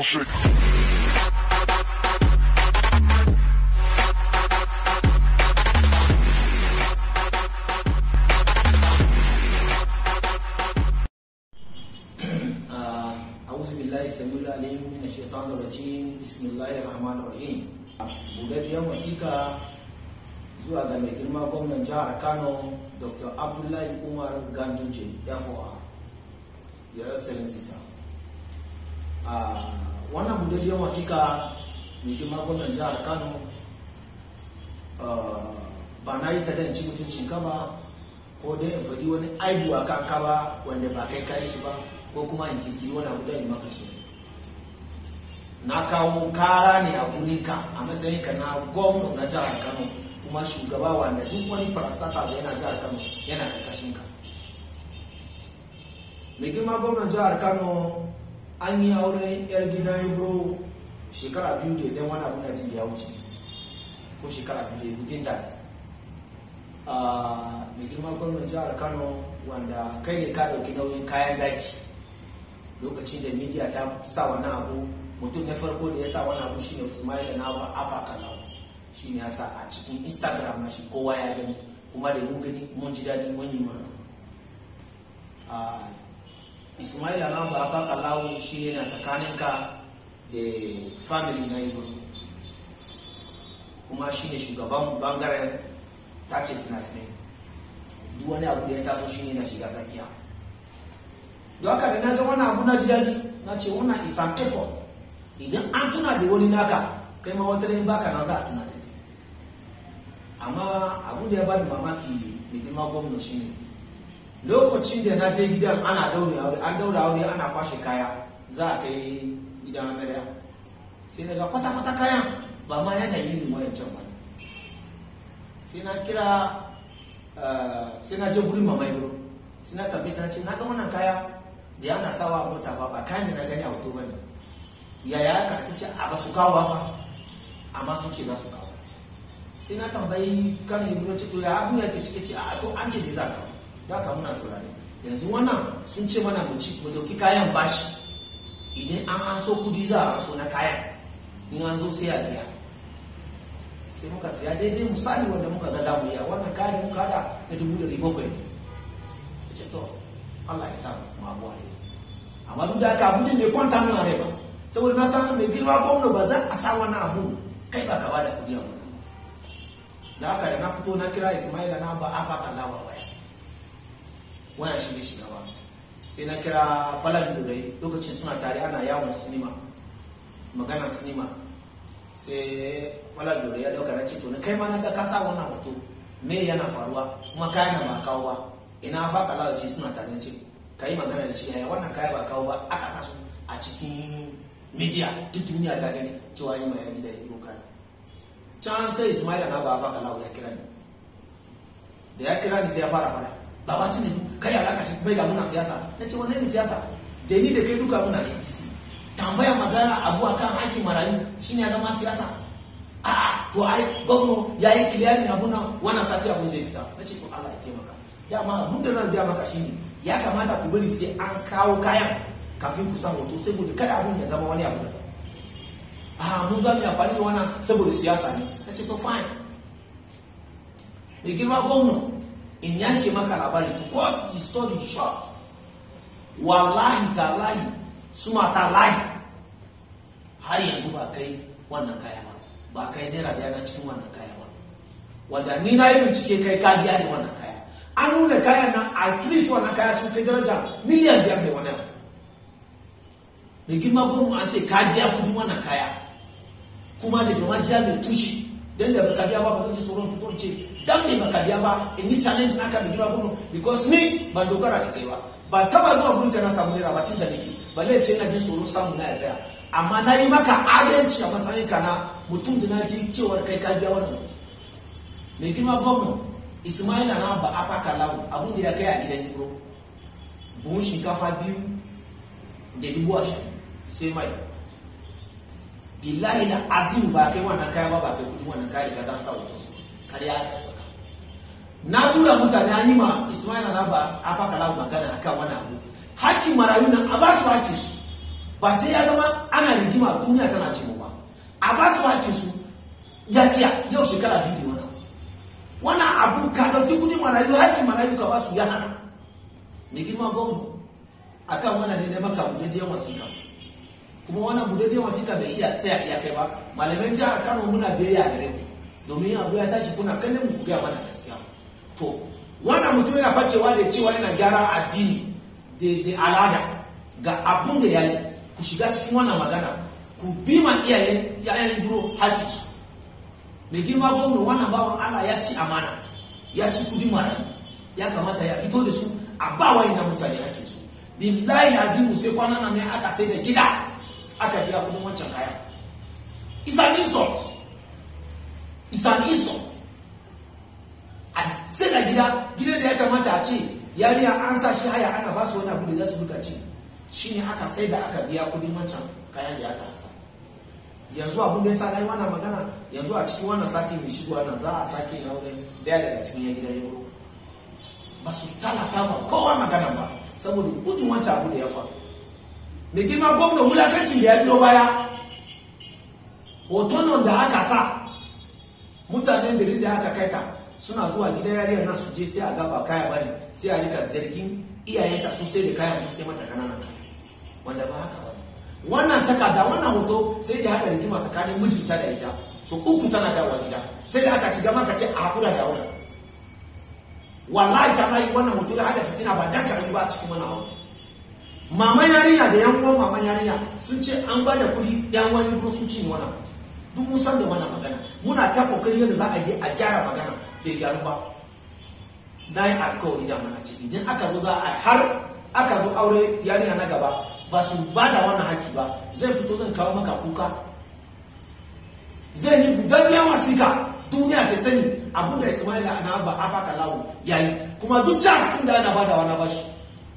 milkshake. budaddiyar zuwa ga mai girma gwamnan jihar kano dr abdullahi umar ganduje ya fowa ya excellency sa wannan guduniyar wasika mai girma gwamnan jihar kano ah, ba na yi ta ci mutuncin ka ba ko dai in faɗi wani aibu a kan ka ba wanda ba kai kayi shi ba ko kuma in kirkiri wani abu da maka shi na kawo kara ne a gurinka a matsayin ka na gwamnan na jihar kano kuma shugaba wanda duk wani farastata da yana jihar kano yana karkashin ka mai girma gwamnan jihar kano an yi auren yar gidan ibro shekara biyu da idan wani abin da jin ya wuce ko shekara biyu da within a ah, mai girma gwamnan jihar kano wanda kai ne ka dauki nauyin kayan daki lokacin da media ta sa wani abu mutum na farko da ya sa wani abu shine usmaila na abu abakalau shine ya sa a cikin instagram na shi kowa ya gani kuma da mun gani mun ji daɗi mun yi murna ah, ismaila ma ba ka kallahu shi yana tsakaninka da family na yi kuma shi ne shugaban bangaren tace fina-finai duk wani abu da ya taso shi ne na shiga tsakiya don haka da na ga wani abu na ji daji na ce wannan is an idan an tuna da wani naka kai ma wata baka na za a tuna da amma abu da ya bani mamaki mai girma gwamna shi ne lokacin da na je gidan ana daure aure an daure aure ana kwashe kaya za a kai gidan amarya sai daga kwata-kwata kayan ba ma yana yin wayancan ba sai na kira eh, sai na je gurin mama ibro sai na tambaye ta ce na ga wannan kaya da ana sawa a mota ba ba kayan da na gani a hoto ba yaya ka ta ce a ba su kawo ba fa amma sun ce za su kawo sai na tambayi kan ibro ce to ya abu ya ke cike ce a to an ce da za kawo da ka muna saurare yanzu wannan sun ce mana mu ci mu dauki kayan bashi idan an aso so kudi za a so na kayan in an zo sai a biya sai muka siya daidai misali wanda muka ga za mu iya wannan kayan muka da na dubu ɗari bakwai ne ya ce to Allah ya sa ma ne amma duk da haka abu ne kwanta min a rai ba saboda na san mai girma gwamna ba za a sa wannan abu kai ba ka ba da kudi a da haka da na fito na kira Ismaila na ba aka kallawa waya waya shi bai shiga ba sai na kira falal durai lokacin suna tare ana yawon sinima magana sinima sai falal durai ya dauka na ce to kai ma na ga kasa wannan hoto me yana faruwa kuma kayan na ba kawo ba ina faka lalace suna tare ce ka yi magana da shi yaya wannan kaya ba kawo ba aka sa su a cikin media duk duniya ta gani cewa yi mai gida ya yi kayan can sai ismaila na ba faka lalace ya kira ni da ya kira ni sai ya fara fara baba tinubu kai alaka shi bai da muna siyasa na ce wani ne siyasa da ni da kai duka muna da apc tambaya magana abu kan hakkin marayu shine ya zama siyasa a'a to ai gwamno ya yi kiliyarin abu na wannan sati abu zai fita na ce to allah ya taimaka dama abin da zan gaya maka ne ya kamata ku bari sai an kawo kayan kafin ku san hoto saboda kada abin ya zama wani abu daban a mu za mu amfani da wannan saboda siyasa ne na ce to fine mai girma gwamna in yanke maka labari to cut the story short wallahi tallahi su mata lahi har yanzu ba kai wannan kaya ba ba kai naira da yana cikin wannan kaya ba wanda ni na yi bincike kai ka biya ne wannan kaya an nuna kaya na at least wannan kaya sun kai daraja miliyan biyar da wani mai girma mu an ce ka biya kudin wannan kaya kuma daga majiya mai tushe don da ka biya ba ba ka ji tsoron fito ce dan ne baka biya ba in yi challenge naka da girma gudu because ni ba dogara da kai ba ba taba zuwa gurin ka na samu naira ba tunda nake balle ce na ji tsoro samu na ya tsaya amma na yi maka adalci a matsayin ka na mutum da na ji cewar kai ka biya wannan me girma gwamna ismaila na ba a faka lawo abun da ya kai a gidan ibro buhun shinkafa biyu da dubu ashirin sai mai billahi da azim ba kai wannan kaya ba ba kai kudin wannan kaya da ka dan sa hoton su kariya kai na tura mutane an yi ma ismail alaba a lagu magana kan wani abu hakkin marayu nan a ba su hakkin su ba sai ya zama ana rigima duniya tana ce ba a ba su hakkin su yakiya yau shekara biyu da wani wani abu ka ɗauki kudin marayu hakkin marayu ka ba su ya hana mai girma a kan wani ne ka maka budaddiyar wasika kuma wannan budaddiyar wasika bai iya tsaya iya kai ba malaman jihar kano muna biyayya gare ku domin abu ya tashi kuna kallon mu ku gaya mana gaskiya to wannan mutum yana fakewa da cewa yana gyara addini da al'ada ga abun da ya yi ku shiga cikin wannan magana ku bi ma iyayen yayan duro haƙi mai girma gwamna wannan bawan allah ya ci amana ya ci kudi mara ya kamata ya fito da su a ba wayan na mutane haƙi su billahi azimu sai kwanana nan ne aka sai da gida aka biya kudin wancan kaya it's an it's an insult sai a gida gida da ya kamata a ce yariya an sa shi haya ana ba su wani abu da za su duka ci ne aka sai da aka biya kudin wancan kayan da aka hasa yanzu abin da ya sa na wannan magana yanzu a cikin wannan sati mai shigo wannan za a sake yi aure daya daga cikin ya gida yaro ba su talata ba kowa magana ba saboda gudun wancan abu da ya fa mai girma gwamna wulakancin da ya biyo baya hoton da aka sa mutanen da aka kaita suna zuwa gidan yariyar su je sai a gaba kaya bane sai a rika zargin iyayenta su sai da kaya su sai mata kananan kaya wanda ba haka bane wannan takarda wannan hoto sai da hada rigima tsakanin mijinta da ita su uku tana dawowa gida sai da aka shiga maka ce a haƙura da wurin wallahi ta mai wannan hoto ya hada fitina ba dan karbi ba a cikin wani aure maman yarinya da yan uwan maman yarinya sun ce an ba da kuɗi yan wani sun cinye wannan duk mun san da wannan magana muna ta kokari yadda za a a gyara magana bai gyaru ba na yi alkawari da mana ce idan aka zo za a har aka zo aure yarinya na gaba ba su ba da wannan haki ba zai fito zai kawo maka kuka zai yi gudan yawa sika duniya ta sani abu da ismaila na ba a baka lawo yayi kuma duk cas ɗin da yana da wani bashi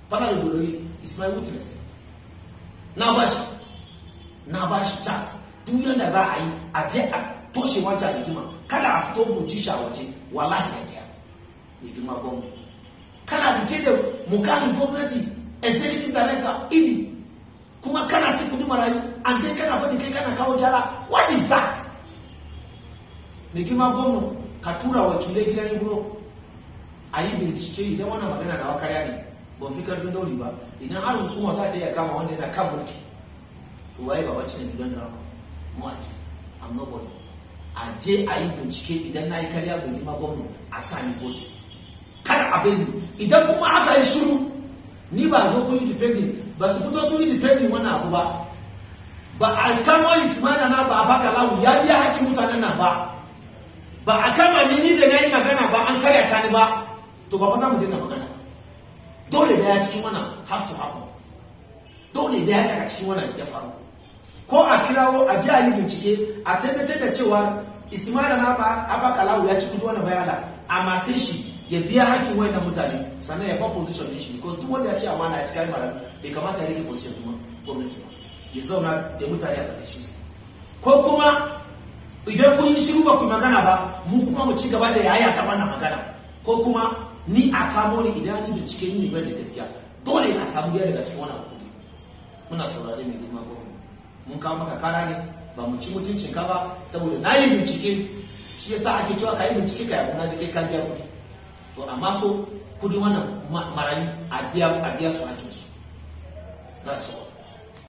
fana da dolori ismail witness na bashi na bashi cas duk yadda za a yi a je a toshe wancan rigima kada a fito mu ci sha waje wallahi na daya rigima gwamnu kana rike da mukamin gwamnati executive director idi e kuma kana cin kudi marayu an dai kana fadi kai kana kawo jara what is that rigima gwamnu ka tura wakilai gidan ibro a yi bincike idan wannan magana na wakarya ne ba fi karfin dauri ba idan har hukuma za ta iya kama wanda yana kan mulki to waye babacin da gidan drama mu'aki I'm nobody a je a yi bincike idan na yi karya bai ma gwamna a sa ni kotu kada abin idan kuma aka yi shiru ni ba zo kun yi ba su fito su yi defending wani abu ba ba a kama ismana na ba a baka lawu ya biya hakkin mutanen nan ba ba a kama ni ni da na yi magana ba an karya ta ni ba to ba za mu daina magana dole daya cikin wannan have to happen dole daya daga cikin wannan ya faru ko a kirawo a ji a yi bincike a tabbatar da cewa ismaila na ba abakalawu ya ci kudu wani bayana a masin shi ya biya hakkin wayan mutane sannan ya ba position din shi ko duk wanda ya ce amana ya ci kai mara bai kamata ya rike position kuma gwamnati ba ya zauna da mutane a karkashin su ko kuma idan kun yi shiru ba ku magana ba mu kuma mu ci gaba da yaya ta wannan magana ko kuma ni a kamo ni idan yi bincike ni ne da gaskiya dole a samu biya daga cikin wannan hukumi muna saurare mai girma gwamnati mun kawo maka kara ne ba mu ci mutuncin ka ba saboda na yi bincike shi yasa ake cewa ka yi bincike ka yaku na ji ka biya kuɗi to amma so kudi wannan marayu a biya su hakin su that's all